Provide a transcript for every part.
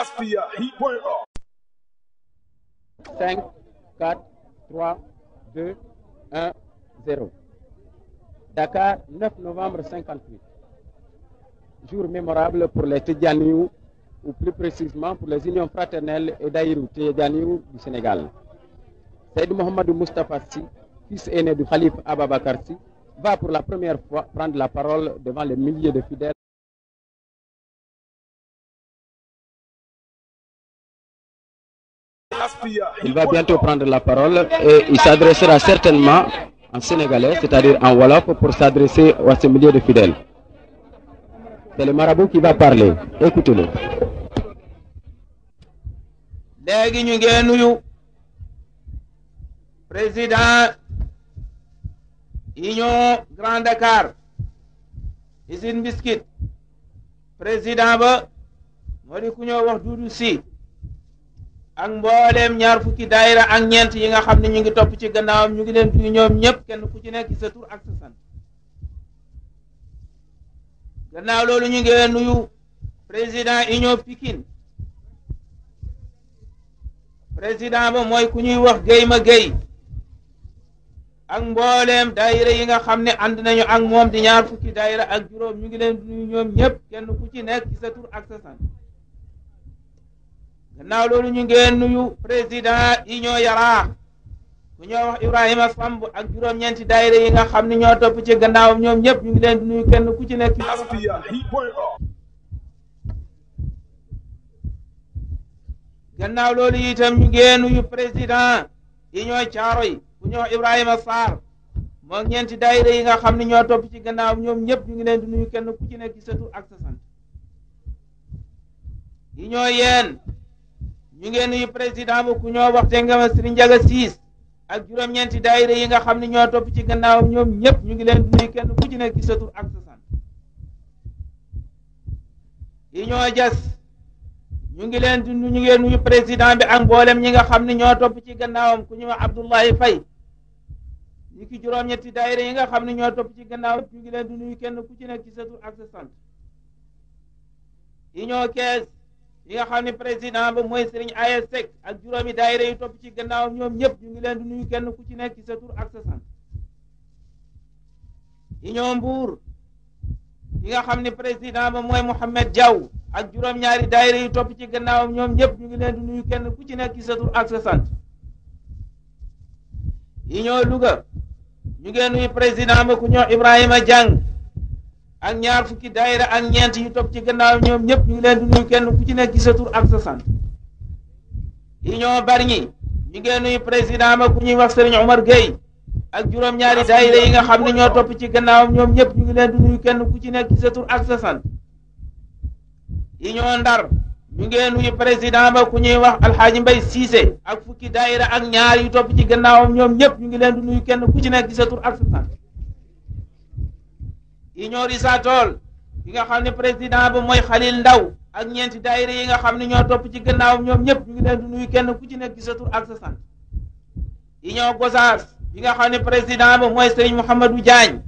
Askia Hi point Dakar novembre 58. Jour mémorable pour les Tidjaniou ou plus précisément pour les unions fraternelles et daïru Tidjaniou du Sénégal. Saïd Mohamedou Moustapha Sy, fils aîné du Khalif Ababakar Sy, va pour la première fois prendre la parole devant les milliers de fidèles. Il va bientôt prendre la parole et il s'adressera certainement en sénégalais, c'est-à-dire en Wolof, pour s'adresser à milieu de fidèles. C'est qui va parler. Écoutez-le. léegi ñu ngi nuyu président union Grand Dakar usine biscuit président ba moo di ku ñoo wax Doudou ak mbooleem ñaar fukki daayira ak ñeent yi nga xam ne ñu ngi topp ci gannaawam ñu ngi leen duy ñoom ñëpp kenn ku ci nekk ci sa ak sa sant gannaaw loolu ñu ngi nuyu président union Pikine président ba mooy ku ñuy wax Guèye ma ak mbooleem daayira yi nga xam ne ànd nañu ak moom di ñaar fukki daayira ak juróom ñu ngi leen duy ñoom ñëpp kenn ku ci nekk ci sa ak sa gannaaw loolu ñu ngeen nuyu président yi ñoo yaraa ku ñoo wax Ibrahima Samb ak juróom-ñeenti daayira yi nga xam ne ñoo topp ñoom ñëpp ñu ngi leen di kenn ku ci nekk oh. gannaaw loolu itam ñu ngeen nuyu président yi ñoo caaro yi ku ñoo wax Ibrahima Sarr moom ñeenti daayira yi nga xam ne ñoo topp ci gannaawam ñoom ñëpp ñu ngi leen di nuyu kenn ku ci nekk ci sa tur ak sa yi ñoo yeen ñu ngeen nuyu président bu ku ñoo waxte nga ma Serigne Ndiaga Ciss ak juróom-ñeenti daayira yi nga xam ne ñoo topp ci gannaawam ñoom ñëpp ñu ngi leen di nuyu kenn ku ci nekk sa tur ak sa sant yi ñoo jas ñu ngi leen di ñu ngeen nuyu président bi ak mboolem ñi nga xam ne ñoo topp ci gannaawam ku ñu wax Abdoulaye Faye ñu ki juróom-ñetti daayira yi nga xam ne ñoo topp ci gannaawam ñu ngi leen di nuyu kenn ku ci nekk sa tur ak yi ñoo kees li nga xam ne président ba mooy Serigne Ayes Seck ak juróomi daayira yu topp ci gannaaw ñoom ñëpp ñu ngi leen di nuyu kenn ku ci nekk ci sa tur ak sa yi ñoo mbuur yi nga xam ne président ba mooy Mouhamed jaw ak juróom-ñaari daayira yu topp ci gannaawam ñoom ñëpp ñu ngi leen di nuyu kenn ku ci nekk ci sa tur ak sa yi ñoo Louga ñu ngi nuyu président ba ku ñoo Ibrahima Diang ak ñaar fukki daayira ak ñeent yu topp ci gannaaw ñoom ñëpp ñu ngi leen di nuyu kenn ku ci nekk ci tur ak sa sant Union ñi ñu ngi président ma ku ñuy wax Serigne Omar Gueye ak juróom-ñaari daayira yi nga xam ne ñoo topp ci gannaawam ñoom ñëpp ñu ngi leen di nuyu kenn ku ci nekk ci sa tur ak sa sant Union Ndar ñu ngi nuyu président ba ku ñuy wax Alxaaji Mbay Siise ak fukki daayira ak ñaar yu topp ci gannaawam ñoom ñëpp ñu ngi leen di nuyu kenn ku ci nekk ci sa ak sa Union Risatol yi nga xam ne président ba mooy Xalil Ndaw ak ñeenti daayira yi nga xam ne ñoo topp ci gannaawam ñoom ñëpp ñu ngi leen di nuyu kenn ku ci nekk ci sa tur ak sa sant Union Gosaas yi nga xam ne président ba mooy Serigne Mouhamadou Diagne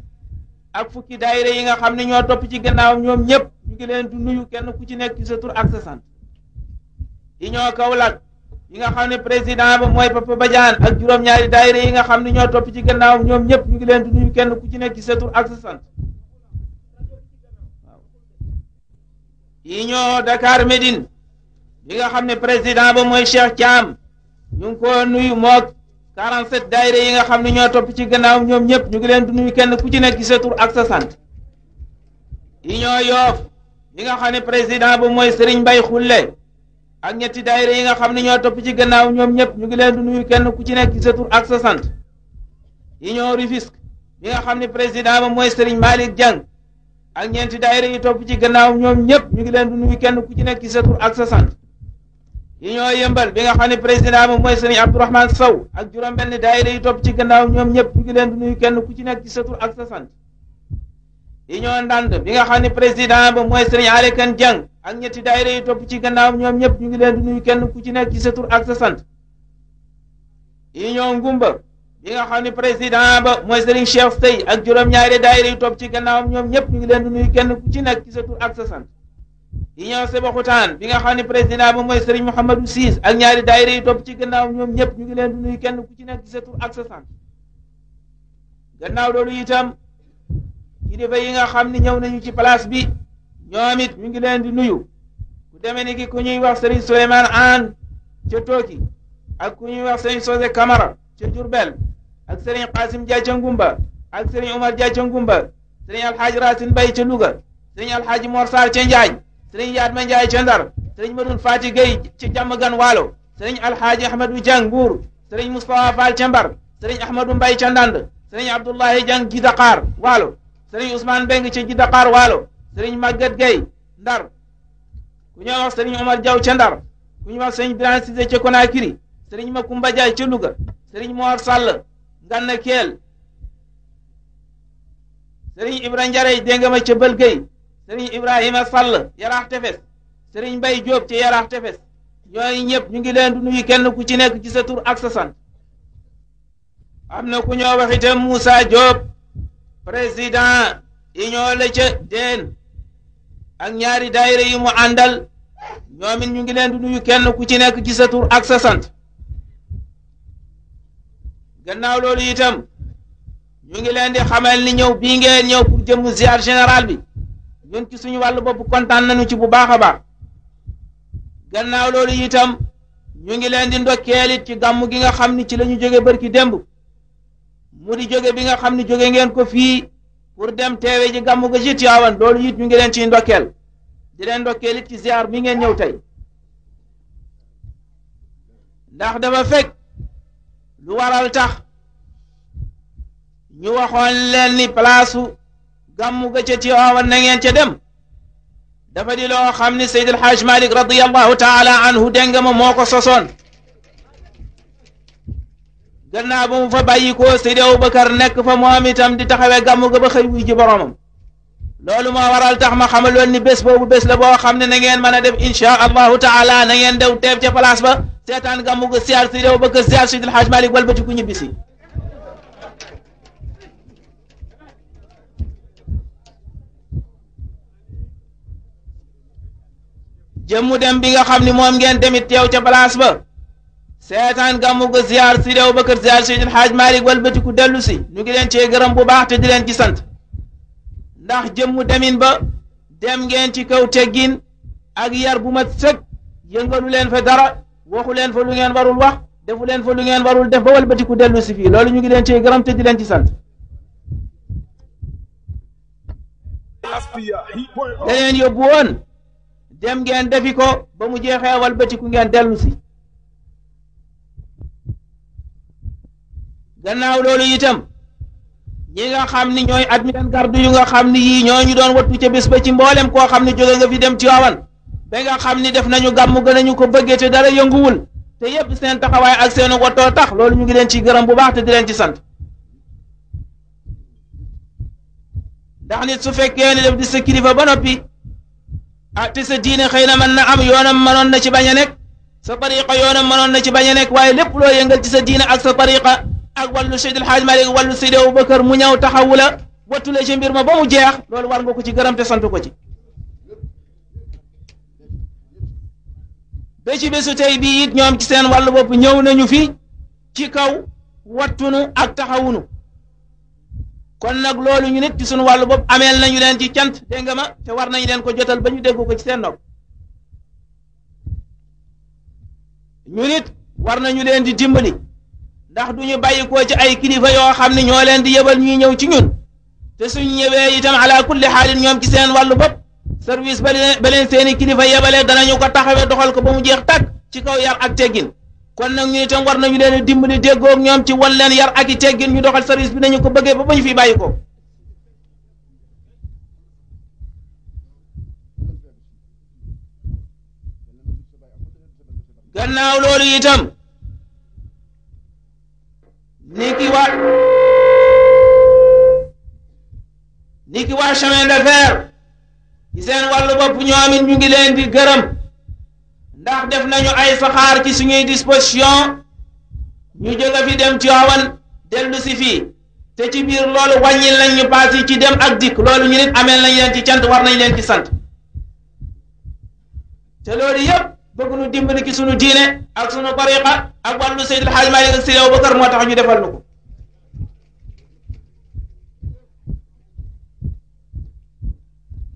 ak fukki daayira yi nga xam ne ñoo topp ci gannaawam ñoom ñëpp ñu ngi leen di nuyu kenn ku ci nekk ci satur tur ak sa sant Union Kaolack yi nga xam ne président ba mooy Papa Badiane ak juróom-ñaari daayira yi nga xam ne ñoo topp ci gannaawam ñoom ñëpp ñu ngi leen di kenn ku ci nekk ci sa ak sant union Dakar Médine bi nga xam ne président ba mooy Cheikh Thiam ñu ngi ko nuyu moog 47 daayira yi nga xam ne ñoo topp ci gannaaw ñoom ñëpp ñu ngi leen di nuyu kenn ku ci nekk ci sa tur sant union Yoff bi nga xam ne président ba mooy Serigne Mbaye Xulle ak ñetti daayira yi nga xam ne ñoo topp ci gannaaw ñoom ñëpp ñu ngi leen di nuyu kenn ku ci nekk ci sa ak sa sant union Rufisque mi nga xam ne président ba mooy Serigne Malick Dieng ak ñeenti daayira yi topp ci gannaaw ñoom ñëpp ñu ngi leen di nuyu kenn ku ci nekk ci sa tur ak sa sant yi ñoo yëmbal bi nga xam ne président moom mooy sëriñ Abdourahmane Sow ak juróom-benn daayira yi topp ci gannaaw ñoom ñëpp ñu ngi leen di nuyu kenn ku ci nekk ci sa tur ak sa sant yi ñoo ndànd bi nga xam ne président ba mooy sëriñ Aly Kane Dieng ak ñetti daayira yi topp ci gannaaw ñoom ñëpp ñu ngi leen di nuyu kenn ku ci nekk ci sa tur ak sa sant yi ñoo ngumba bi nga xam ne président ba mooy Serigne Cheikh tey ak juróom-ñaari daayira yu topp ci gannaawam ñoom ñëpp ñu ngi leen di nuyu kenn ku ci nekk ci sa tur ak sa sant union bi nga xam ne président ba mooy Serigne Mouhamadou Siis ak ñaari daayira yu topp ci gannaawam ñoom ñëpp ñu ngi leen di nuyu kenn ku ci nekk ci sa tur ak sa sant gannaaw loolu itam kilifa yi nga xam ne ñëw nañu ci palace bi ñoom it ñu ngi leen di nuyu ku demee ni ki ku ñuy wax Serigne Souleymane Anne ca Tooki ak ku ñuy wax Serigne Sosé Camara ca Jurbel ak sëriñ Qasim Jaay ca Ngumba ak sëriñ Umar Jaay ca Ngumba sëriñ Alxaaji Racine Bay ca Louga sëriñ Alxaaji Mor Sarr ca Njaañ sëriñ Yaatma Njaay ca Ndar sëriñ Madun Faati Gay ca jàmm gan waalo sëriñ Alxaaji Ahmadu Jang Mbuur sëriñ Moustapha Fall ca Mbar sëriñ Ahmadu Mbay ca Ndand sëriñ Abdoulahi Jang ji Dakar waalo sëriñ Ousmane Beng ca ji Dakar waalo sëriñ Maguette Gay Ndar ku ñuy wax sëriñ Omar Jaw ca Ndar ku ñuy wax sëriñ Biran Sise ca Konakiri sëriñ sëriñ Mor Sall Nganna Keel sëriñ Ibra Njaray dégg ma ca Bëlgëy sëriñ Ibrahima Sall Yaraax Tefes sëriñ Mbay Jóob ci Yaraax Tefes ñooy ñëpp ñu ngi leen di kenn ku ci nekk ci sa ak sa am na ku ñoo wax itam Moussa Diop président union la ca deen ak ñaari daayira yi mu àndal ñoom ñu ngi leen di nuyu kenn ku ci nekk ci sa ak sa gannaaw loolu itam ñu ngi leen di xamal ni ñëw bii ngeen ñëw pour jëm ziar général bi ñun ci suñu wàllu bopp kontaan nañu ci bu baax a baax gannaaw loolu itam ñu ngi leen di ndokkeel ci gàmm gi nga xam ni ci la ñu jóge barki demb mu di jóge bi nga xam ni jóge ngeen ko fii pour dem teewe ji gàmm ga ji Tiwaawan loolu it ñu ngi leen ciy ndokkeel di leen ndokkeel ci ziar bi ngeen ñëw tey ndax dafa fekk. lu waral tax ñu waxoon leen ni palaasu gàmmu ga ca Tiwaawan na ngeen ca dem dafa di loo xam ni Seydil Hajj Malik radiyallahu taala anhu dégg ma moo ko sosoon gannaaw ba mu fa bàyyi ko Seydi Abubakar nekk fa moom itam di taxawee gàmmu ga ba xëy wuy ji boromam loolu moo waral tax ma lool ni bés boobu bés la boo xam ne na ngeen mën a def incha allahu taala na ngeen dew teeb ca place ba seetaan gàmmu ga siyaar si réew ba ko siyaar si El Hadj ku ñibbisi jëmmu dem bi nga xam ni moom ngeen demit teew ca place ba seetaan gàmmu ga ziar si réew ba kër ziar Seydil Hadj Malick walbatiku dellu cee gërëm bu baax te di leen ndax jëmmu demin ba dem ngeen ci kaw teggin yar bu mat sëg yëngalu fa dara waxu leen fa lu ngeen warul wax defu leen fa lu ngeen warul def ba walbatiku dellu si fii loolu ñu ngi leen ci gërëm te di leen ci sant da leen yóbbu woon dem ngeen defi ko ba mu jeexee walbatiku ngeen dellu si gannaaw loolu itam ñi nga xam ni ñooy admin garde yu nga xam ni yii ñoo ñu doon wattu ca bés ba ci mboolem koo xam ni jóge nga fi dem Tiwaawan ba nga xam ni def nañu gàmm gën ñu ko bëggee te dara yënguwul te yépp seen taxawaay ak seen woto tax lool ñu ngi leen ci gërëm bu baax te di leen ci sant ndax nit su fekkee ni def di sa kilifa ba noppi ah te sa diine xëy na mën na am yoonam mënoon na ci bañ a nekk sa tariqa yoonam mënoon na ci bañ a nekk waaye lépp loo yëngal ci sa diine ak sa tariqa ak wàllu Seydi El Hadj Malick wàllu Seydi Aboubacar mu ñaw taxawu la wattu la ci mbir ma ba mu jeex loolu war nga ko ci gërëm te ko ci ba ci bésu tey bii it ñoom ci seen wàllu bopp ñëw nañu fi ci kaw wattunu ak taxawunu kon nag loolu ñu nit ci suñu wàllu bopp ameel nañu leen ci cant dégg nga te war nañu leen ko jotal ba ñu dégg ko ci seen nopp ñu nit war nañu leen di dimbali ndax du ñu bàyyi ko ci ay kilifa yoo xam ne ñoo leen di yebal ñuy ñëw ci ñun te suñ ñëwee itam ala kulli xaalin ñoom ci seen wàllu bopp service ba leen ba leen seeni kilifa yebalee danañu ko taxawee doxal ko ba mu jeex tàkk ci kaw yar ak teggin kon nag ñu itam war nañu leen dimbali déggoog ñoom ci wan yar ak i teggin ñu doxal service bi nañu ko bëggee ba ba ñu fi bàyyi ko. gannaaw loolu itam ni ki waa ni chemin de fer ci seen wàllu bopp ñoom it ñu ngi leen di gërëm ndax def nañu ay saxaar ci suñuy disposition ñu jóge fi dem ci awan dellu si fii te ci biir loolu wàññil nañ ñu paas ci dem ak dikk loolu ñu nit ameel nañ leen ci cant war nañ leen ci sant te loolu yëpp bëgg nu dimbali ci suñu diine ak suñu tariqa ak wàllu Seydil Hajj Maalik ak Seydi Abubakar moo tax ñu defal nu ko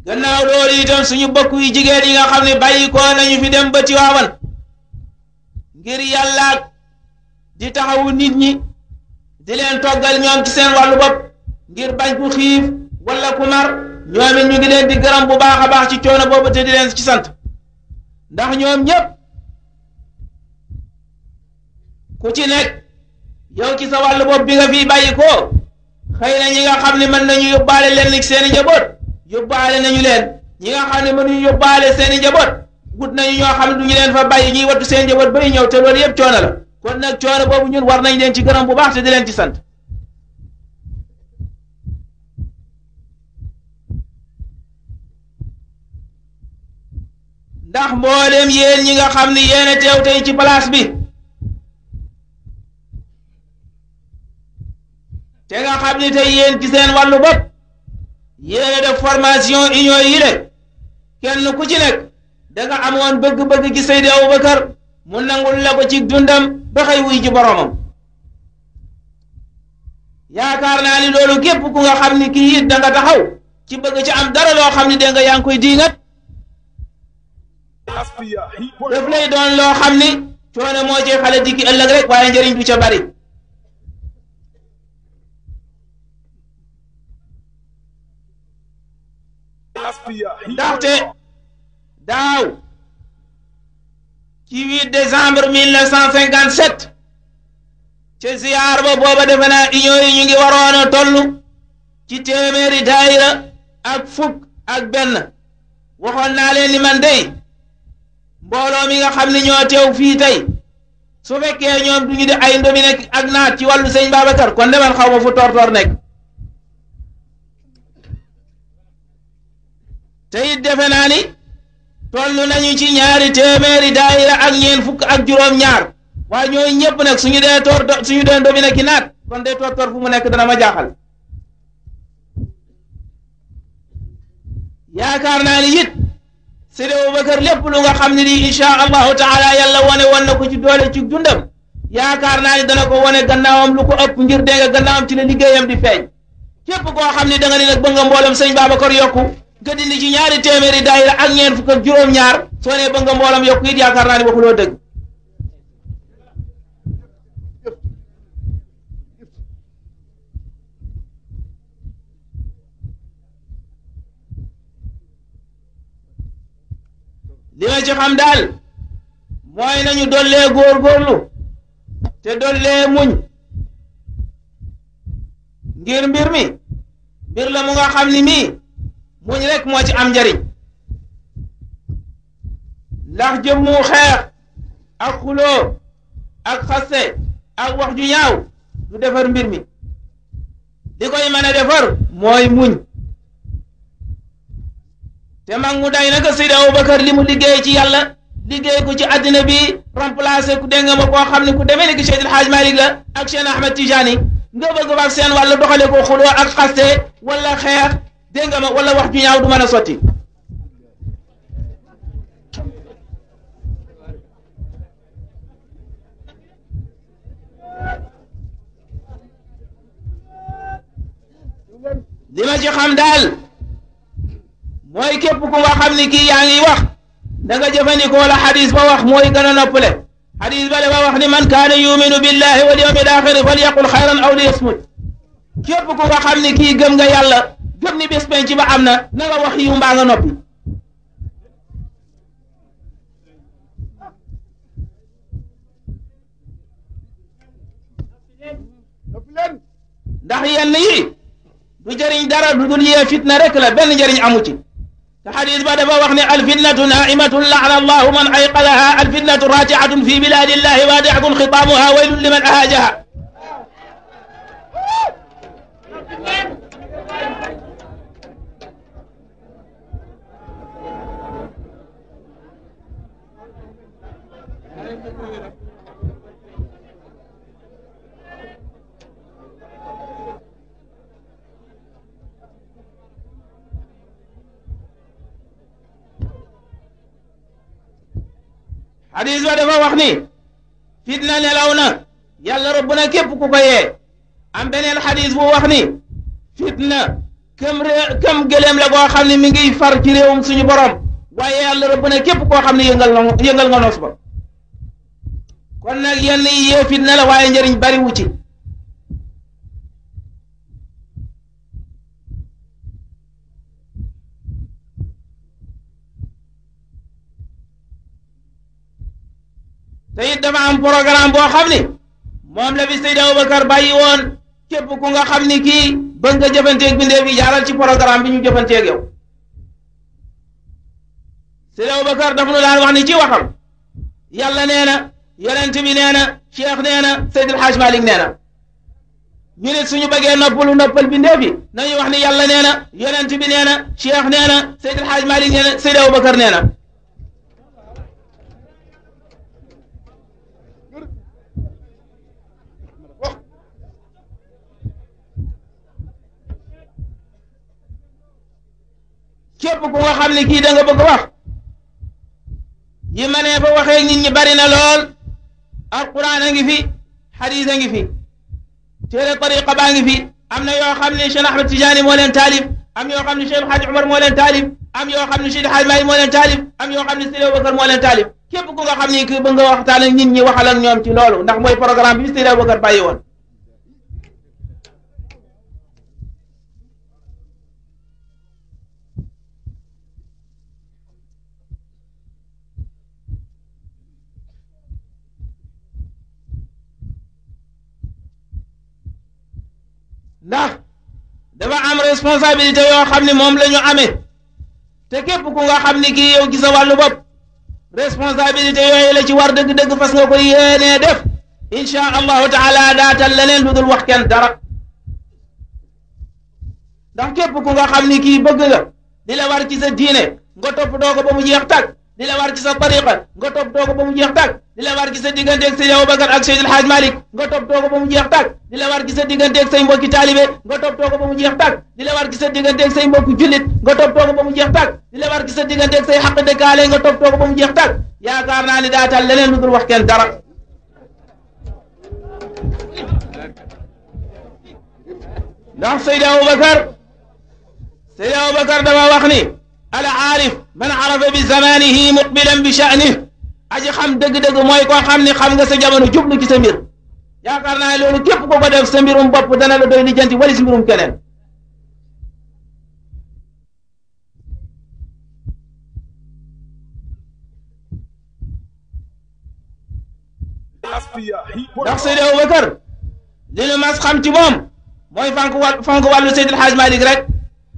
gannaaw loolu suñu bokk yi jigéen yi nga xam ne bàyyi ko nañu fi dem ba Tiwaawan ngir yàllaak di taxawu nit ñi di leen toggal ñoom ci seen wàllu bopp ngir bañ ku xiif wala ku mar ñoom it ñu ngi leen di gërëm bu baax a baax ci coono boobu te di leen ci sant ndax ñoom ñëpp ku ci nekk yow ci sa wàllu bopp bi nga fiy bàyyi ko xëy na ñi nga xam ne mën nañu yóbbaale leen ci seen i yóbbaale nañu leen ñi nga xam ne mënuñu yóbbaale seen njaboot wut nañu ñoo xam ne du leen fa bàyyi ñuy wattu seen njaboot bay ñëw te loolu yëpp coono la kon nag coono boobu ñun war nañ leen ci gërëm bu baax te di leen ci sant ndax mboolem yéen ñi nga xam ni yéen a teew tey ci place bi te nga xam ne tey yéen ci seen wàllu bopp yéene def formation union yi le kenn ku ci nekk da nga amoon bëgg-bëgg ci Seydi Aboubacar mu nangul la ko ci dundam ba xëy wuy ci boromam yaakaar naa ni loolu képp ku nga xam ni kii it da nga taxaw ci bëgg ci am dara loo xam ni dégg nga yaa ngi koy diingat daf lay doon loo xam ni coono moo cee xale dikki ëllëg rek waaye njëriñ du ca bari ndaxte daaw ci 8 décembre 1957 ca ziyaar ba booba defe naa union yi ñu ngi waroon a toll ci téeméeri daayira ak fukk ak benn waxoon naa leen ni man dey mbooloo mi nga xam ne ñoo fii tey su fekkee ñoom du ñu di ay ndomi ak naat ci wàllu sëñ Babacar kon demal xaw ma fu tortoor nekk te tey defe naa ni toll nañu ci ñaari téeméeri daayira ak ñeen fukk ak juróom-ñaar waa ñooy ñëpp su ñu dee toor suñu dee ndobi ne ki naat kon dee toor toor fu mu nekk dana ma jaaxal yaakaar naa ni it Sidi Abubakar lépp lu nga xam ne nii incha allahu taala yàlla wane wan na ko ci doole ci dundam yaakaar naa ni dana ko wane gannaawam lu ko ëpp ngir dégg gannaawam ci la liggéeyam di feeñ képp koo xam ne danga ne nag bëgg nga mboolem sëñ Babacar yokku. nga ci ñaari téeméeri daayira ak ñeent fukk ak juróom-ñaar soo nee ba nga mboolam yokku it yaakaar dëgg li ci xam daal mooy nañu dollee góorgóorlu te dollee muñ ngir mbir mi mbir la mu nga xam ni mii muñ rek moo ci am njariñ ndax jëmmu xeex ak xuloo ak xaste ak wax ju ñaaw du defar mbir mi li koy mën a defar mooy muñ te mag mu day naka Seydi Abubakar li mu liggéey ci yàlla liggéey ko ci àddina bi remplacé ku dégg nga ma koo xam ne ku demee ni ki Seydil Hadj Malick la ak Cheikh Ahmed Tijani nga bëgg ba seen wàllu doxale ko xuloo ak xaste wala xeex dégg nga ma wala wax ju ñaaw du mën a sotti li ma ci xam daal mooy képp ku nga xam ni kii yaa ngi wax da nga jëfandikoo la xadis ba wax mooy gën a noppale xadis ba le ba wax ni man kaana yuminu billahi wal yawmil axiri fal yaqul xayran aw liyasmut képp ku nga xam ni kii gëm nga yàlla gëm ni bés penc ba am na na nga wax yiw mbaa nga noppi ndax yenn yi du jëriñ dara du dul yee fitna rek la benn jëriñ amu ci te xadis ba dafa wax ne alfitnatu naimatun laana allahu man ayqadaha alfitnatu rajiatun fi biladillahi waadiatun xitaamuha waylun liman ahaajaha hadis wa dafa wax ni fitna nelaw na yàlla robb na képp ku ko yee am beneen hadis bu wax ni fitna kam ré kam gëléem la koo xam ne mi ngi far ci réewum suñu borom waaye yàlla robb na képp koo xam ne yëngal nga yëngal nga noos ba kon nag yenn yi yee fitna la waaye njëriñ bariwu ci te it dafa am programme boo xam moom la fi Seydi Aboubacar bàyyi woon képp ku nga xam ni kii bëgg nga jëfanteeg ci programme bi ñu jëfanteeg yow Seydi Aboubacar dafa nu wax ni ci waxam yàlla nee yonent bi nee na cheikh nee na Seydil Hadj Malick nee na ñu nit suñu bëggee noppalu noppal bindéef yi nañu wax ni yàlla nee na yonent bi nee na cheikh nee na Seydil Hadj Malick nee na Seydi Aboubacar nee na képp ku nga xam ne kii da nga bëgg wax yi ma nee fa waxee nit ñi bari na lool alquran a ngi fi xadis a ngi fi téere tariqa baa ngi fi am na yoo xam ne Cheikh Ahmed Tidiane moo leen taalif am yoo xam ne Cheikh Hadj Omar moo leen taalif am yoo xam ne Cheikh Hadj Mahi moo leen taalif am yoo xam ne Sidi Abubakar moo leen taalif képp ku nga xam ne ki ba nga waxtaan ak nit ñi waxal ak ñoom ci loolu ndax mooy programme bi Sidi Abubakar bàyyi woon ndax dafa am responsabilité yoo xam ni moom la ñu amee te képp ku nga xam ni kii yow ci sa wàllu bopp responsabilité yooyu la ci war dëgg-dëgg fas nga koy yéenee def incha allahu taala daatal leneen lu dul wax kenn dara ndax képp ku nga xam ni kii bëgg la di la war ci sa diine nga topp doo ko ba mu jeex tàkk li la war ci sa tariqa nga toppatoo ko ba mu jeex tàkk li la war ci sa digganteeg Seydi Abubakar ak Seydi El Hadj Malick nga toppatoo ko ba mu jeex tàkk li la war ci sa digganteeg say mbokki taalibe nga toppatoo ko ba mu jeex tàkk li la war ci sa digganteeg say mbokki jullit nga toppatoo ko ba mu jeex tàkk li la war ci sa digganteeg say xaq dëkkaale nga toppatoo ko ba mu jeex tàkk yaakaar naa ne daa tal leneen lu dul wax kenn dara ndax Seydi Abubakar Seydi Abubakar dafa wax ni al aarif man arafa bi zamanihi muqbilan bi sha'ni aji xam dëgg-dëgg mooy koo xam ni xam nga sa jamono jublu ci sa mbir yaakaar naa loolu képp ko ko def sa mbirum bopp dana la doy lijjanti wala si mbirum keneen ndax Seydi Abubakar li nu mas xam ci moom mooy fank wàllu fank wàllu Seydil Hadj Malick rek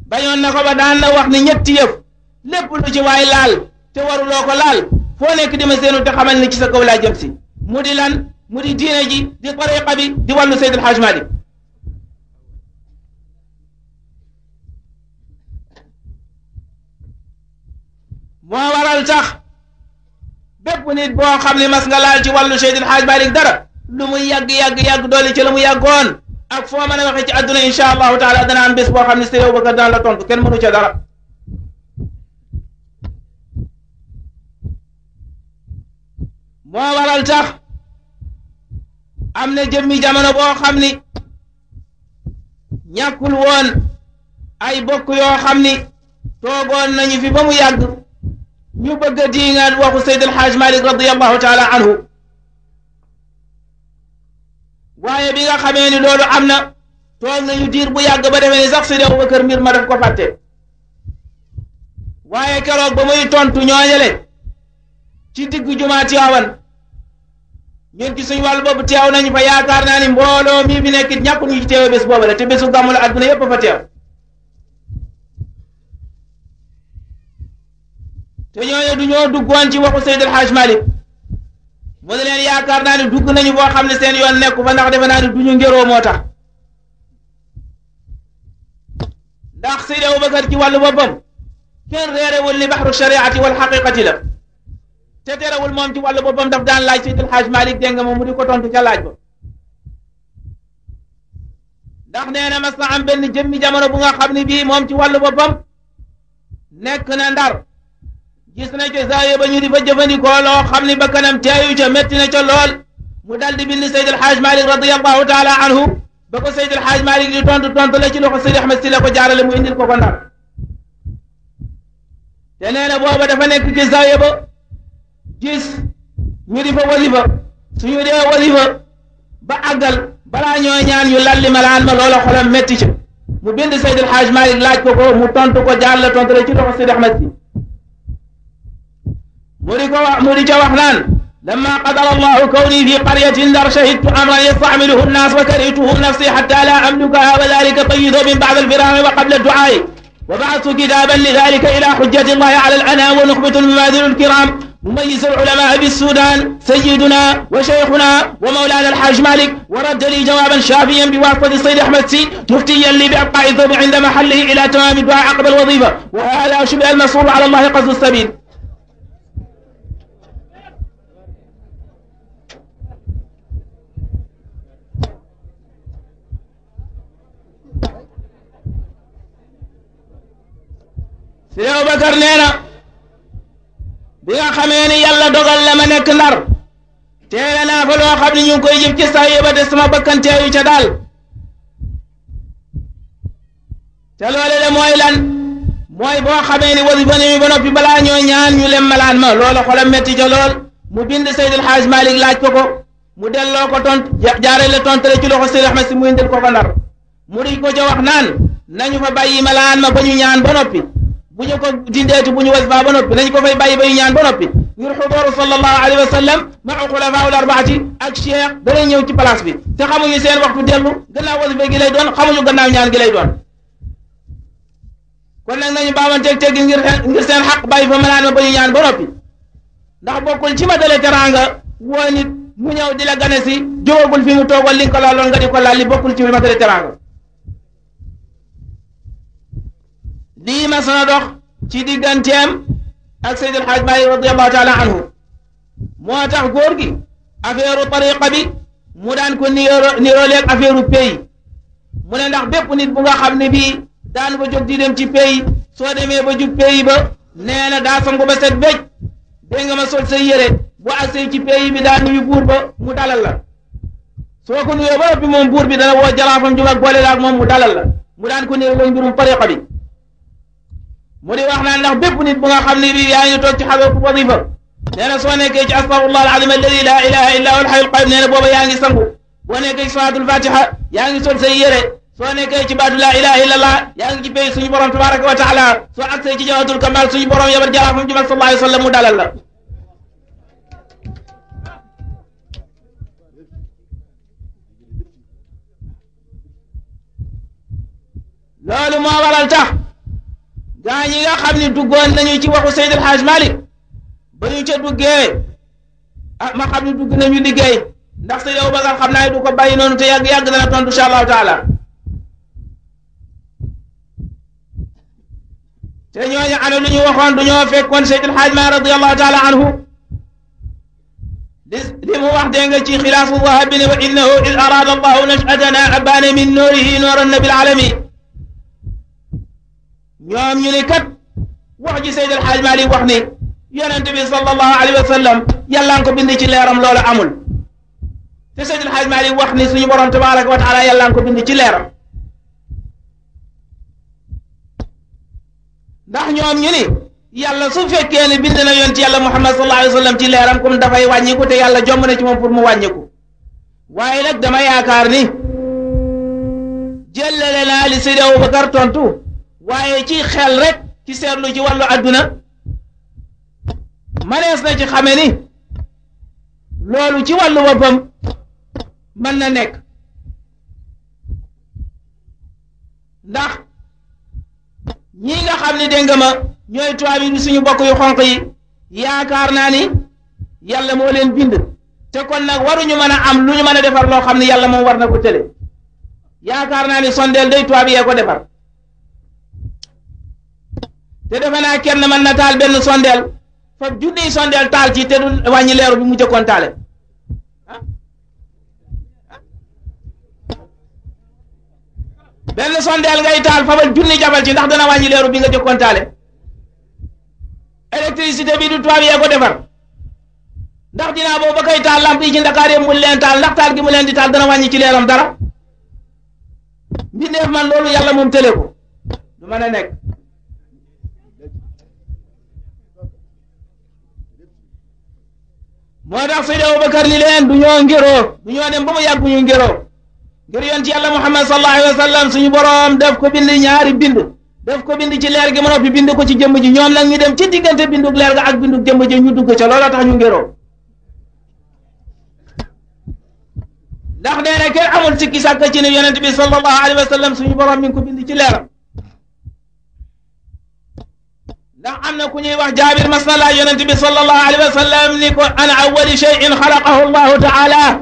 bañoon na ko ba daan na wax ni ñetti yëf lépp lu ci waay laal te waruloo ko laal foo nekk di seenu te xamal ni ci sa kaw laa mu di lan mu di diine ji di tariqa bi di wàllu Seydil Hadj Malick moo waral tax bépp nit boo xam ne mas nga laal ci wàllu Seydil Hadj Malick dara lu mu yàgg yàgg yàgg doole ci la mu yàggoon ak foo mën a waxee ci àdduna insha allahu taala dana am bés boo xam ne si yow bëgg daan la tontu kenn mënu ca dara moo waral tax am na jëmmi jamono boo xam ni ñàkkul woon ay bokk yoo xam ni toogoon nañu fi ba mu yàgg ñu bëgg a diiŋaan waxu Seydil Haaj Malik radiyallahu taala anhu waaye bi nga xamee ni loolu am na toog nañu diir bu yàgg ba defee ni sax si dew ba kër mbir ma daf ko fàtte waaye keroog ba muy tontu ñooñale ci diggu jumaa Tiwaawan ñun ci suñ wàllu boobu teew nañu fa yaakaar naa mbooloo mii fi nekk ñàkk ñu ci teew bés boobu la te bésu gàmmu la yépp fa teew te ñooñu du ñoo duggoon ci waxu Seydil Hadj Malick mu ne leen yaakaar naa ne dugg nañu boo xam ne seen yoon nekku fa ndax defe naa ne duñu ngéroo moo tax ndax Seydi Abubakar ci wàllu boppam kenn réerewul li baxru shariati wal xaqiqati la te terewul moom ci wàllu boppam daf daan laaj Seydi El Hadj Malick mu di ko tontu ca laaj ba ndax nee na mas na am benn jëmmi jamono bu nga xam ne bii moom ci wàllu boppam nekk na ndar gis na ca saa ba ñu di fa jëfandikoo loo xam ni ba kanam teeyu metti métti na ca lool mu dal di bind Seydil Hadj Malick radiyallahu taala anhu ba ko Seydil Hadj Malick di tontu tontu la ci loxo Seydi Ahmed si la ko jaarale mu indil ko ko ndar te nee na dafa nekk ci saa ba ñu di fa wasifa suñu dee wasifa ba àggal balaa ñoo ñaan ñu lalli malaan ma loola xolam métti ca mu bind Seydil Hadj Malick laaj ko ko mu tontu ko jaar la tontu la ci loxo Seydi Ahmed mu di ko wax mu di ca wax naan lamma qadara allahu kawni fi qaryatin dar shahidtu amran yastacmiluhu nnaas wa karihtuhu nafsi xatta la amlikaha wa dalika tayidobin bacda alfiraami wa qabla duaai wa bacatu kitaaban li dalika ila xujjati allahi ala alanaam wa nuxbitu almamaadilu alkiram مميز العلماء بالسودان سيدنا وشيخنا ومولانا الحاج مالك ورد لي جوابا شافيا بواسطة السيد أحمد سي مفتيا لي بإبقاء الذوب عند محله إلى تمام دعاء عقب الوظيفة وهذا شبه المسؤول على الله قصد السبيل Sëriñ Abubakar nee na bi nga xamee ni yàlla ma nekk ndar teele naa fa loo xam ne ñu ngi koy ci saa yi ba des sama bakkan teeyu ca daal te loole de mooy lan mooy boo xamee ni wasifa ni ba noppi balaa ñoo ñaan ñu lem malaan ma loola xolam metti ca lool mu bind Seydil Haaj Malik laaj ko ko mu delloo ko tont jaare la tontale ci loxo Sëriñ Ahmed Si muy ndil ko ko ndar mu di ko ca wax naan nañu fa bàyyi malaan ma ba ñu ñaan ba noppi bu ñu ko dindeeti bu ñu wasbaa ba noppi nañ ko fay bàyyi bay ñaan ba noppi ngir xudooru sallallahu alayhi wa sallam maa xulafaa ul arbaati ak cheikh dana ñëw ci place bi te xamuñu seen waxtu dellu gannaaw wasifa gi lay doon xamuñu gannaaw ñaan gi lay doon kon nag nañu baamanteeg teggi ngir ngir seen xaq bàyyi fa malaan ma ba ñu ñaan ba noppi ndax bokkul ci ma dale teraanga woo nit mu ñëw di la gane si jógagul fi mu toogoon li nga ko laaloon nga di ko laal bokkul ci ma teraanga lii mas na dox ci digganteem ak Seydi El Hadj Maalik radiyallahu taala anhu moo tax góor gi affaire tariqa bi mu daan ko niroo nirooleeg affaire pays mu ne ndax bépp nit bu nga xam ne bii daan ko jóg di dem ci pays soo demee ba jub pays ba nee na daa sangu ba set bëj dégg nga ma sol say yére bu agsee ci pays bi daa nuyu buur ba mu dalal la soo ko nuyoo ba noppi moom buur bi dana woo jaraafam jub ak boole la moom mu dalal la mu daan ko niroo mbirum tariqa bi mu di wax naan ndax bépp nit bu nga xam ne bii yaa ngi toog ci xadaratu wasifa nee na soo nekkee ci astaghfirullah al-azim alladi la ilaha illa huwa al-hayyul qayyum nee na booba yaa ngi sangu boo nekkee ci salaatul fatiha yaa ngi sol say yére soo nekkee ci baatu laa ilaha illa allah yaa ngi ci pay suñu borom tabaraka wa taala soo agsee ci jawatul kamal suñu borom yabar jaraafam jumal sallallahu alayhi wa sallam mu dalal la loolu moo waral tax gaa ñi nga xam ne nañu ci waxu Seydil Hadj Malick ba ñu ca duggee ah ma xam ne dugg nañu liggéey ndax sa yow ba nga xam naa du ko bàyyi noonu te yàgg yàgg dana tontu incha allahu taala te ñooñu ana lu ñu waxoon du ñoo fekkoon Seydil Hadj Malick taala anhu li wax dégg nga ci xilaafu wahab bi ne wa innahu arada allahu najatana abana min nuurihi alami ñoom ñu ne kat wax ji Seydil Hadj Malick wax ne yonent bi sallallahu alayhi wa sallam ko bind ci leeram lool amul te Seydil Hadj Malick wax ni suñu borom tabaraka wa taala yàlla ko bind ci leeram ndax ñoom ñu ni yàlla su fekkee ne bind na yonent yàlla Muhammad sallallahu alayhi wa sallam ci leeram comme dafay wàññiku te yàlla jomb na ci moom pour mu wàññiku waaye nag dama yaakaar ni jëllale naa li Seydi Abubakar tontu waaye ci xeel rek ci seetlu ci wàllu àdduna manees na ci xame ni loolu ci wàllu boppam mën na nekk ndax ñi nga xam ni dégg nga ma ñooy tubaab yi suñu bokk yu xonq yi yaakaar naa ni yàlla moo leen bind te kon nag waruñu mën a am lu ñu mën a defar loo xam ne yàlla moom war na ko tële yaakaar naa ni sondeel day tubaab yee ko defar te defe naa kenn mën na taal benn sondeel fa junniy sondeel taal ci te du wàññi leeru bi mu jëkkoon taale benn sondeel ngay taal fabal junni jabal ci ndax dana wàññi leeru bi nga jëkkoon taale électricité bi du tubaab yee ko defar ndax dinaa boobu ba koy taal lamp ci Ndakaar yëpp mu leen taal ndax taal gi mu leen di taal dana wàññi ci leeram dara mbindeef man loolu yàlla moom tële ko du mën nekk moo tax Seydi Aboubacar li leen du ñoo ngiroo du ñoo dem ba mu yàgg ñu ngiroo ngir yonent yàlla Muhammad sallallahu alayhi wa suñu boroom def ko bind ñaari bind def ko bind ci leer gi ma noppi bind ko ci jëmm ji ñoom nag ñu dem ci diggante bindug leer ga ak bindug jëmm ji ñu dugg ca looloo tax ñu ngiroo ndax nee na kenn amul sikki sàkk ci ne yonent bi sallallahu alayhi wa sallam suñu boroom mi ko bind ci leeram ndax am na ku ñuy wax jaabir mas na laaj yonent bi sallallahu alayhi wa sallam ni ko ana awwali shay'in xalaqahu llahu taala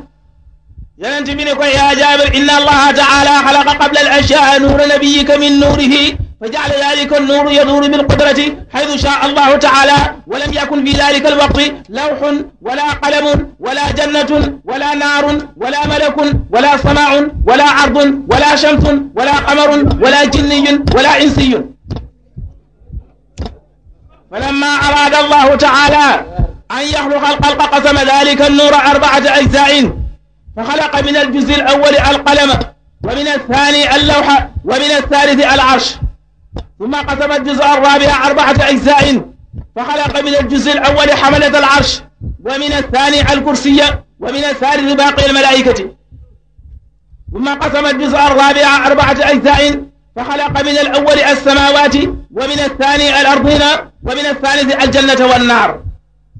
yonent bi ni ko yaa jaabir inna allaha taala xalaqa qabla al ashyaa nuura nabiyika min nuurihi fa jaala dalika nuuru yaduuru bil qudrati xaytu shaa allahu taala wa lam yakun fi dalika alwaqti lawxun wala qalamun wala jannatun wala naarun wala malakun wala samaun wala ardun wala shamsun wala qamarun wala jinniyun wala insiyun فلما أراد الله تعالى أن يخلق الخلق قسم ذلك النور أربعة أجزاء فخلق من الجزء الأول القلم ومن الثاني اللوحة ومن الثالث العرش ثم قسم الجزء الرابع أربعة أجزاء فخلق من الجزء الأول حملة العرش ومن الثاني الكرسي ومن الثالث باقي الملائكة ثم قسم الجزء الرابع أربعة أجزاء فخلق من الأول السماوات ومن الثاني الأرضين ومن الثالث الجنة والنار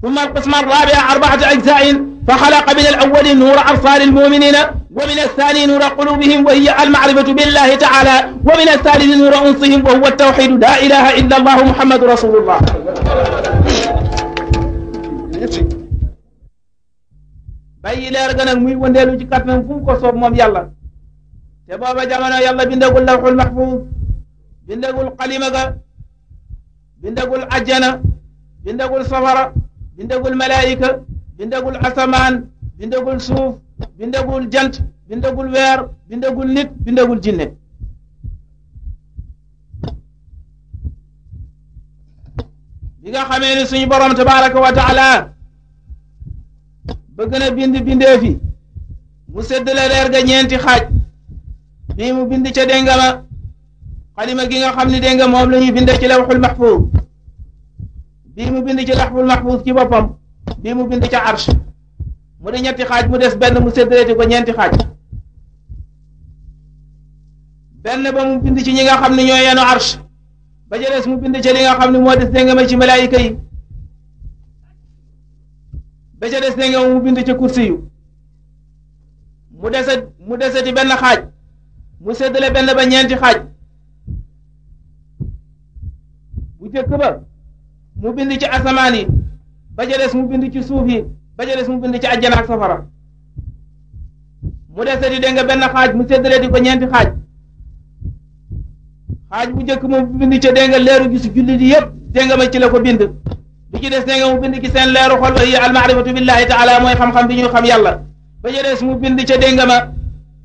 ثم القسم الرابع أربعة أجزاء فخلق من الأول نور أبصار المؤمنين ومن الثاني نور قلوبهم وهي المعرفة بالله تعالى ومن الثالث نور أنصهم وهو التوحيد لا إله إلا الله محمد رسول الله bàyyi leer ga nag muy wëndeelu ci kattan fu mu ko soob moom yàlla te booba jamono yàlla bindagul lawxul mahfuus bindagul xalima ga bindagul ajjana bindagul safara bindagul malaayika bindagul asamaan bindagul suuf bindagul jant bindagul weer bindagul nit bindagul jinne bi nga xamee ni suñu borom tabaraka wa taala bëgg na bind bindeefi mu séddale leer ga ñeenti xaaj bii mu bind ca déngama xalima gi nga xam ni dégg nga moom la ñuy bind ci lawxul maxfuus bii mu bind ci lawxul maxfuus ci boppam bii mu bind ca arsh mu di ñetti xaaj mu des benn mu séddaleeti ko ñeenti xaaj benn ba mu bind ci ñi nga xam ne ñoo yenu arsh ba ca des mu bind ci li nga xam ne moo des dégg nga ma ci malaayika yi ba ca des mu bind ci kursi mu dese mu deseti benn xaaj mu séddale benn ba ñeenti xaaj bu jëkk ba mu bind ci asamaan yi ba ca des mu bind ci suuf yi ba ca des mu bind ci ajjana ak safara mu dese di dégg benn xaaj mu séddale di ko ñeenti xaaj xaaj bu njëkk moom mu bind ca dégg nga leeru gisu jullit di yëpp dégg nga ma ci la ko bind bi ci des dégg nga mu bind ci seen leeru xol wa hiya almaarifatu billahi taala mooy xam-xam bi ñuy xam yàlla ba ca des mu bind ca dégg nga ma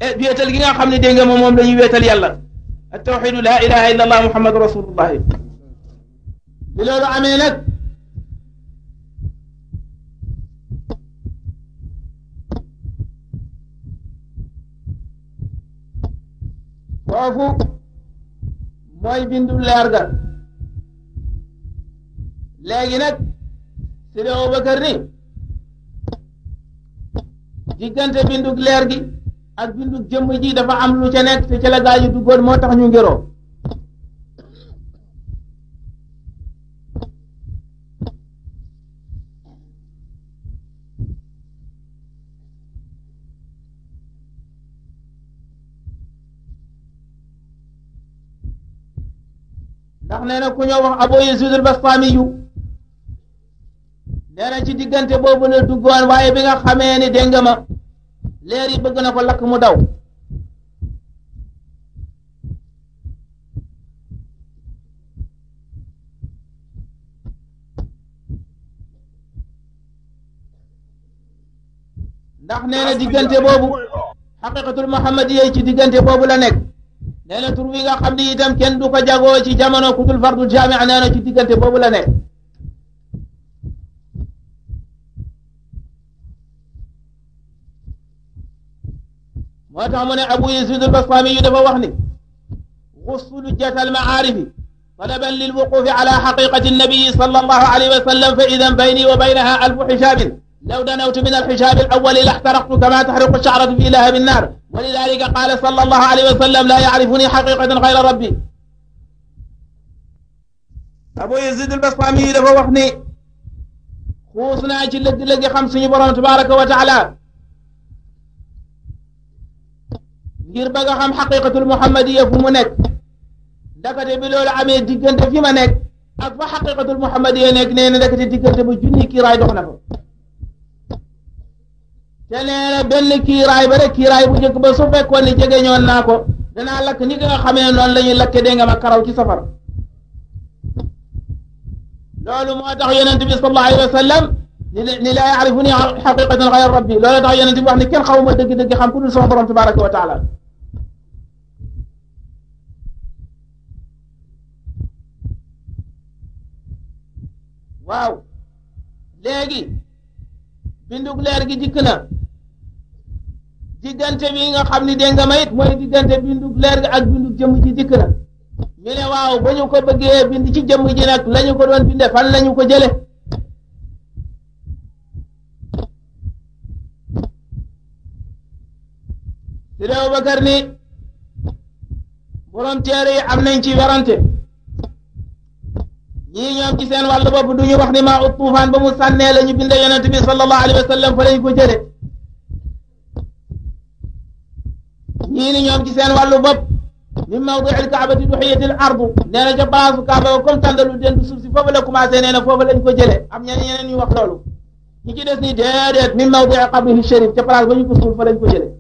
e, wéetal gi nga xam ne dégg nga ma moom la ñuy wéetal yàlla at tawxidu laa ilaha illa allah muhammadu bi amee nag foofu mooy bindu leer ga léegi nag Sidi Abubakar ni diggante bindug leer gi ak bindug jëmm ji dafa am lu ca nekk te ca la duggoon moo tax ñu ngiroo nee na ku ñëw wax Abu Yazid al-Bastami yu nee ci diggante boobu la duggoon waaye bi nga xamee ni dégg nga leer yi bëgg na ko lakk mu daw ndax nee na diggante boobu xaqiqatul muhammadiyya ci diggante boobu la nekk nee na tur bi nga xam ni itam kenn du ko jagoo ci jamono ku dul fardul jaami nee na ci diggante boobu la nekk moo tax mu ne abu yazid al-bastaami yu dafa wax ni غصن لجة المعارف طلبا للوقوف على حقيقة النبي صلى الله عليه وسلم فإذا بيني وبينها ألف حجاب لو دنوت من الحجاب الأول لاحترقت كما تحرق الشعرة في لهب النار ولذلك قال صلى الله عليه وسلم لا يعرفني حقيقة غير ربي Abu Yazid al-Bastami dafa wax ni xuus naa ci lëgg-lëgg xam suñu borom tabaraka wa taala ngir bëgg a xam xaqiqatul muhammadiya fu mu nekk ndakate bi loolu amee diggante fi ma nekk ak fa xaqiqatul muhammadiya nekk nee na ndakate diggante ba junni kiiraay dox na fa te nee na benn kiiraay ba rek bu njëkk ba su fekkoon ni jege ñoon naa ko danaa lakk ni nga xamee noonu la ñuy lakke dégg nga ma karaw ci safar loolu moo tax yonent bi sallallahu alayhi wa sallam ni laa yaarifuni xaqiqatan xayra rabbi loolu tax yonent bi wax ni kenn xawuma dëgg-dëgg xam ku dul sama borom tabaraka wa taala waaw léegi bindug leer gi dikk diggante bi nga xam ni dégg nga ma it mooy diggante bindug leer ak bindug jëmm ji dikk na mu ne waaw ba ñu ko bëggee bind ci jëm ji nag la ñu ko doon binde fan la ñu ko jële Sidi Abubakar ni borom am nañ ci werante ñii ñoom ci seen wàllu bopp du ñu wax ni maa ut tuufaan ba mu sànnee la ñu binde yonent bi sallallahu alayhi wa fa lañ ko jële ñii ni ñoom ci seen wàllu bopp min mawdiil kaabati duxiyatil ardu nee na ca place kaaba comme tàndalu dent suuf si foofu la commencé nee na foofu lañ ko jëlee am ñeneen ñeneen ñu wax loolu ñi ci des ni déedéet min mawdii qabrihi sharif ca place ba ñu ko suul fa lañ ko jëlee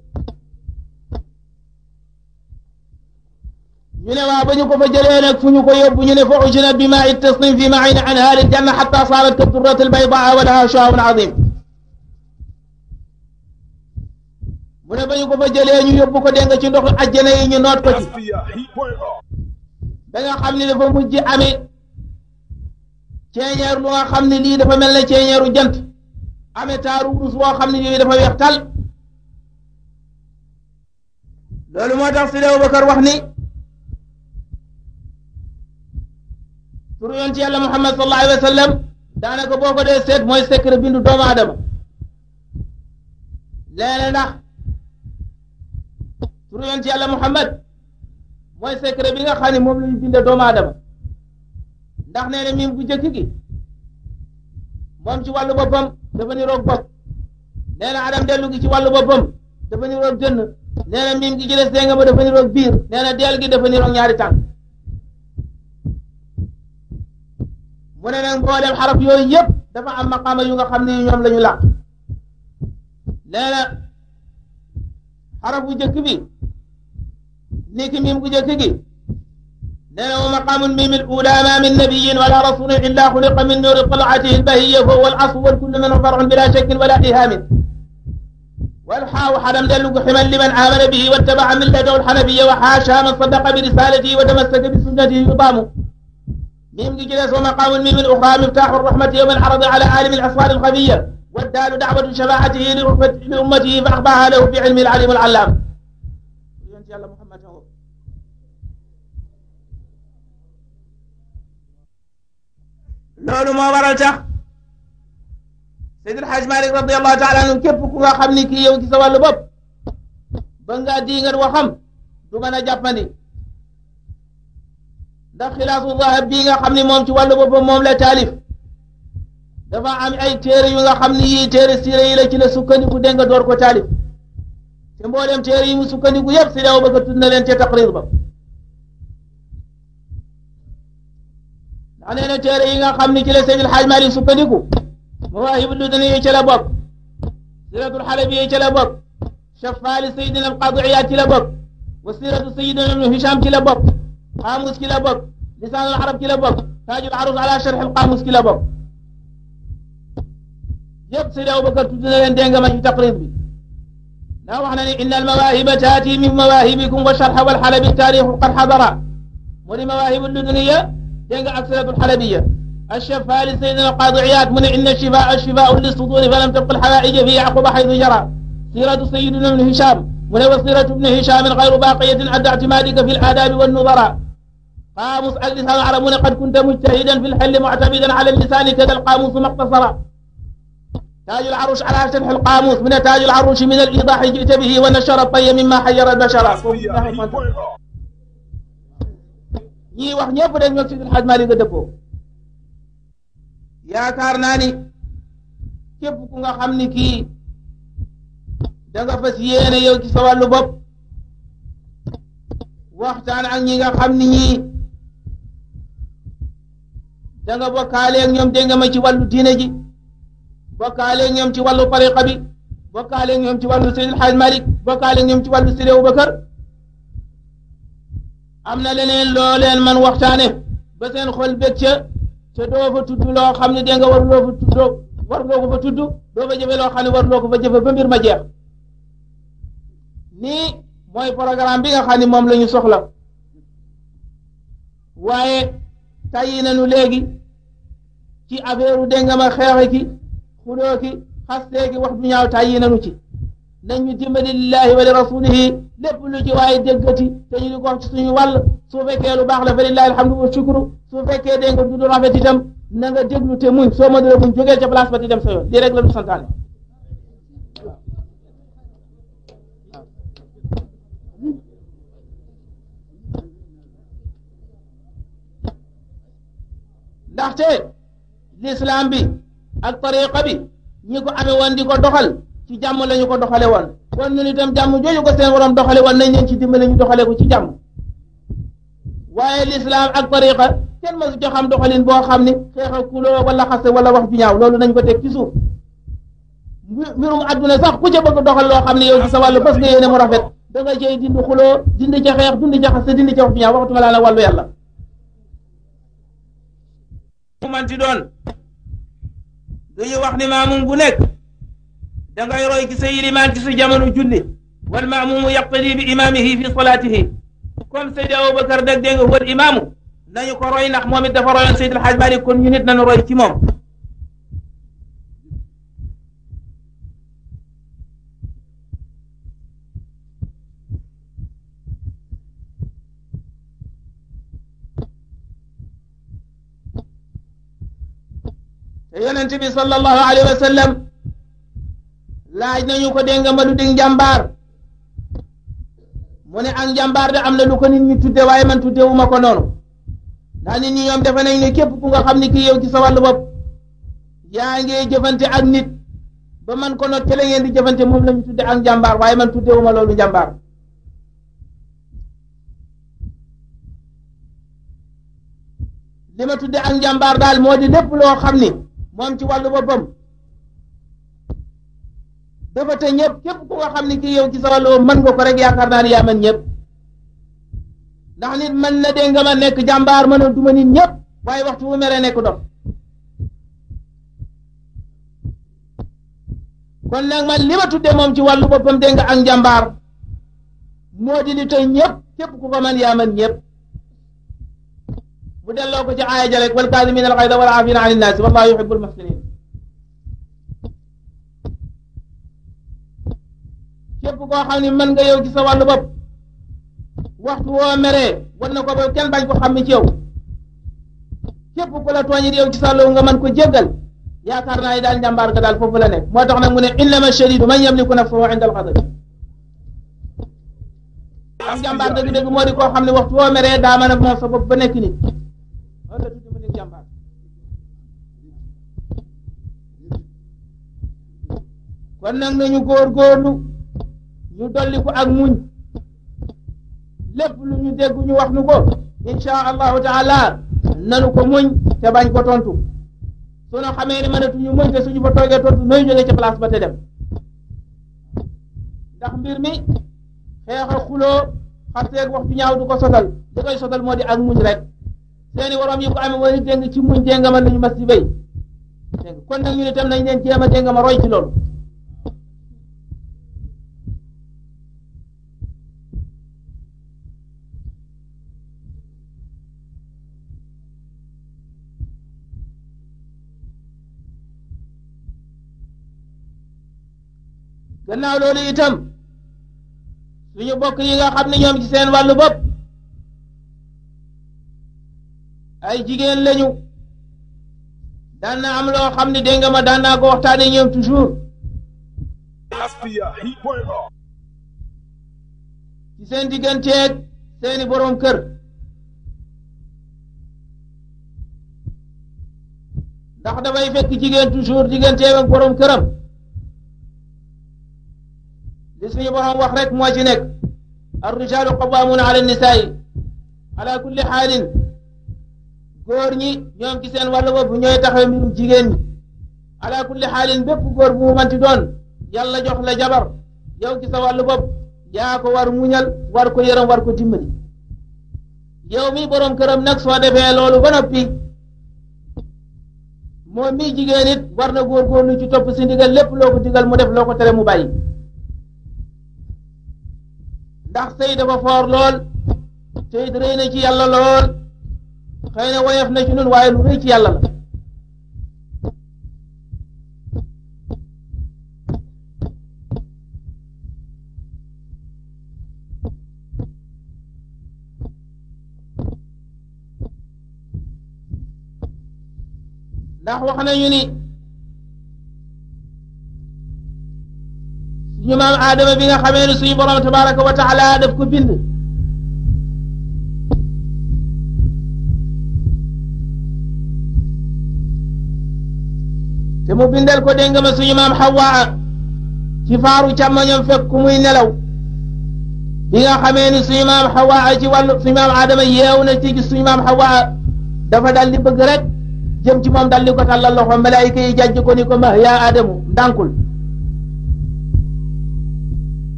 ñu ne waa ba ñu ko fa jëlee nag fu ñu ko yóbbu ñu ne fa ujina bi maa tasnim fi main anhaari janna xatta saarat ka durrat albaydaa wa laha shaabun azim mu ne ko fa jalee ñu yóbbu ko dégg ci ndox ajjana yi ñu noot ko ci ba nga xam ne dafa mujj amee ceeñeer lu nga xam ne lii dafa mel ne ceeñeeru jant amee taaru wurus boo xam ne yooyu dafa weex loolu moo tax Sidi Abubakar wax ni turu yoon ci yàlla Muhammad sallallahu alayhi wa sallam daanaka boo ko dee seet mooy secret bindu doomu aadama leene ndax turu yonent yàlla Muhammad mooy secret bi nga xam ne moom la ñu bindee doomu aadama ndax nee na miim bu njëkk gi moom ci wàllu boppam dafa niroog bokk nee na adam dellu gi ci wàllu boppam dafa niroog dënn nee na miim gi ci des dénga ma dafa niroog biir nee na deel gi dafa niroog ñaari tànk mu ne nag mbooleem xaraf yooyu yëpp dafa am maqaama yu nga xam ne ñoom la ñu làq nee na xaraf bu bi liki miim gu jëkk gi nee na wa maqaamul miim al uulaa maa min nabiyyin wala rasulin illaa xuliqa min nuuri talaatihi albahiyya fa huwa al aslu wal kullu minhu far'un bilaa shakkin wala ihaamin wal xaawu xadam dellu gu ximan liman aamana bihi wattabaca millatahu alxanafiyya wa xaashaa man sadaqa bi risalatihi wa tamassaka bi sunnatihi yudaamu miim gi ci des wa maqaamul miim al uxraa miftaaxu rahmati yowma alxaradi ala aalimi alaswaar alxafiyya waddaalu dacwatu shafaacatihi li ummatihi fa axbaaha lahu fi cilmi alcaliim alcallaam loolu moo waral tax Seydil Hajj Malik radiyallahu taala anhu képp ku nga xam ni kii yow ci sa wàllu bopp ba ngaa di waxam du mën a jàppandi ndax xilaasu zahab bii nga xam ni moom ci wàllu boppam moom la taalif dafa am ay téere yu nga ni yii téere yi la ci la sukkandiku ku nga door ko taalif te mboolem téere yi mu sukkandiku yëpp si daw ba ko tudd na leen ca taqrir ba ndax nee na téere yi nga xam ne ci la Seydil Hadj Malick sukkandiku Mawaahibu Laduni yi ci la bokk Siratul Halabi yi ci la bokk Shafaali Seydina Alqaadi Iyaad ci la bokk Wasiratu Seydina Ibnu Hisham ci la bokk Qaamus ci la bokk Lisaanul Arab ci la bokk Taajul Aruus ala Sharhil Qaamus ci la bokk yëpp Seydi Abubakar tudd na leen dégg nga ma ci taqrib bi ndax wax na ne inna almawaahiba taati min mawaahibikum wa sharha walxalabi taarixu qad xadara mu di mawaahibu Laduniya dégg nga ak salatul xalabiya alchafali saydina alqaadi iyaad mu ne inna shifaa shifaau li suduri fa lam tabqa alxawaaija fi yaquba xaytu jara siratu sayidina ibn hisham mu ne wa siratu ibn hisham xayru baqiyatin adda ictimaadika fi laadaabi wannudara qaamus ak lisaan arab mu ne qad kunta mujtahidan fi lxelli muctabidan ala lisaani kada alqaamusu maqtasara تاج العروش على شرح القاموس من تاج العروش من الإيضاح جئت به ونشر الطي مما حير البشر yii wax ñëpp dañ ñoo Seydil Hadj Malick a dëppoo yaakaar naa ni képp ku nga xam ni kii da nga fas yéene yow ci sa wàllu bopp waxtaan ak ñi nga xam ni ñii da nga bokkaaleeg ñoom dégg nga ma ci wàllu diine ji bokkaaleeg ñoom ci wàllu tariqa bi bokkaaleeg ñoom ci wàllu Seydil Hadj Malick bokkaaleeg ñoom ci wàllu Sidi Abubakar am na leneen loo leen man waxtaane ba seen xol bëgg ca te doo fa tudd xam ne dégg nga war loo fa tudd war fa jëfe ne war loo ko fa jëfe ba mbir ma jeex nii mooy programme bi nga xam moom la soxla waaye tàyyi nañu léegi ci affaire u dégg nga ma xeexe ki xuloo ki xastee ki wax du ñaaw tàyyi ci nañu dimbali lillahi wa li rasulihi lépp lu ci waaye déggati te ñu di ko wax ci suñu wàll su fekkee lu baax la fa lillahi alhamdu wa shukru su fekkee dégg nga du du rafet itam na nga déglu te muñ soo mënee muñ jógee ca place ba di dem sa yoon lii rek la ñu santaane ndaxte l'islam bi ak tariqa bi ñi ko amee woon di ko doxal ci jàmm lañu ko doxale woon kon ñun itam jàmm jooju ko seen waroom doxale woon nañ leen ci dimbale ñu doxale ko ci jàmm waaye lislaam ak tariqa kenn mësu ci xam boo xam ni xeex a kuloo wala xase wala wax ju ñaaw loolu nañ ko teg ci suuf mbirum adduna sax ku ca bëgg doxal loo xam ne yow ci sa wàllu bés nga yéene mu rafet da nga cay dindi xuloo dindi ca xeex dindi ca xase dindi ca wax ju ñaaw waxtuma laa la wàllu yàlla mu manti doon duñu wax ni maamun da ngay roy ci sa yilimaan ci sa jamono julli wal maamumu yaqtadi bi imaamihi fi salaatihi comme Seydi Aboubacar dag dégg nga wal imaamu nañu ko roy ndax moom it dafa royoon Seydi El Hadj Malick kon ñu nit nañu roy ci moom te yonent bi sallallahu alayhi wa sallam laaj nañu ko dégg nga ma du dégg njàmbaar mu ne ak njàmbaar de am na lu ko nit ñi tudde waaye man tuddewu ko noonu ndax nit ñi ñoom defe nañ ne képp ku nga xam ne kii yow ci sa wàllu bopp yaa ngi jëfante ak nit ba man ko noot ca di jëfante moom la ñu tudde ak njàmbaar waaye man tuddewu ma loolu njàmbaar li ma tudde ak njàmbaar daal moo di lépp loo xam ni moom ci wàllu boppam dafa te ñëpp képp ku nga xam ne kii yow ci sa wàllu mën ko rek yaakaar naa ne yaa mën ñëpp ndax man mën na dégg nga nekk jàmbaar mën a duma nit ñëpp waaye waxtu bu mere nekk dof kon nag man li ma moom ci wàllu boppam dégg nga ak njàmbaar moo di li tey ñëpp képp ku ko mën yaa mën ñëpp mu delloo ko ci aaya ja wal kaazimiina al-ghayza wal aafiina ani n-naas wallaahu yuhibbul muhsiniin képp koo xam ni mën nga yow ci sa wàllu bopp waxtu woo meree wan na ko ba kenn bañ ko xam ne ci yow képp ku la tooñit yow ci sa loolu nga mën ko jéggal yaakaar naa ne daal njàmbaar ga daal foofu la nekk moo tax nag mu ne innama shadidu man yamliku nafsahu inda alxadab am njàmbaar dëgg-dëgg moo di koo xam ne waxtu woo meree daa mën a moom sa bopp ba nekk nit loolu kon nag nañu góorgóorlu ñu dolli ko ak muñ lépp lu ñu dégg ñu wax nu ko incha allahu taala nanu ko muñ te bañ ko tontu sunu xamee ne mënatuñu muñ te suñu fa toogee tontu nooy jógee ca place ba te dem ndax mbir mi xeex a xuloo xarteeg wax ju ñaaw du ko sotal li koy sotal moo di ak muñ rek seeni waroom yi bu amee wala déng ci muñ déngama la ñu mas di béy dégg kon nag ñu ne tam nañ leen jéem a ma roy ci loolu gannaaw loolu itam suñu bokk yi nga xam ne ñoom ci seen wàllu bopp ay jigéen lañu daan na am loo xam ne dégg ma daan naa ko waxtaanee ñoom seen ci seen digganteeg seeni borom kër ndax dafay fekk jigéen toujours digganteeg ak borom këram. li suñu borom wax rek moo ci nekk ar rijaalu qawaamuuna ala nisaa'i ala kulli xaalin góor ñi ñoom ci seen wàllu bopp ñooy taxaw mbirum jigéen ñi ala xaalin bépp góor mu manti doon yàlla jox la jabar yow ci sa wàllu yaa ko war muñal war ko yërëm war ko dimbali yow mi borom këram nag soo defee loolu ba noppi moom mi jigéen it war na góorgóorlu ci topp si ndigal lépp loo digal mu def loo tere mu bàyyi ndax sëy dafa foor lool sëy rëy na ci yàlla lool xëy na na ci nun waaye lu rëy ci yàlla la ndax wax nañu ni suñu maam aadama bi nga xamee ne suñu borom tabaraka wa taala daf ko bind te mu bindal ko dégg nga ma suñu maam xawaa ci faaru càmmoñam fekk ku muy nelaw bi nga xamee ni suñu maam xawaa ci wàllu suñu maam aadama yeew na ci gis suñu maam xawaa dafa dal di bëgg rek ci moom dal di ko tàllal loxo malaayika yi jàjj ko ni ko ma yaa aadamu ndànkul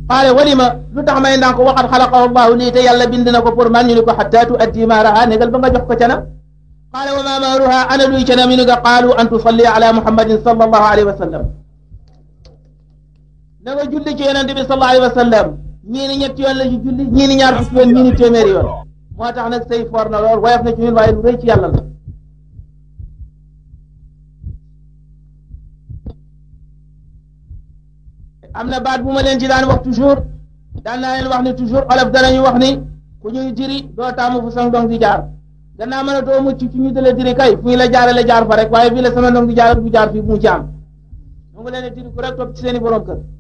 qaale walima lu tax may ndànk waxat xalaqahu allahu lii te yàlla bind na ko pour man ñu ni ko xatta tu addi ma raha négal ba nga jox ko cana qaale wa ma maaruha ana luy cana mi ni nga qaalu an tusalli ala muhammadin sallallahu alayhi wa sallam na nga julli ci yonente bi sallallahu alayhi wa sallam ñii ni ñetti yoon la ci julli ñii ni ñaar fukki yoon ñii ni téeméeri yoon moo tax nag say for na lool woyof na ci ñun waaye lu rëy ci yàlla la am na baat bu ma leen ci daan wax toujours daan naa leen wax ni toujours olof ñu wax ni ku ñuy diri doo taamu fu sang dong di jaar gannaaw mën a doo mucc ci ñu dala diri kay fu ñu la jaarale jaar fa rek waaye fii la sama dong di jaar du jaar fii bu mu ci am mu ngi leen di diri ku rek topp ci seen i kër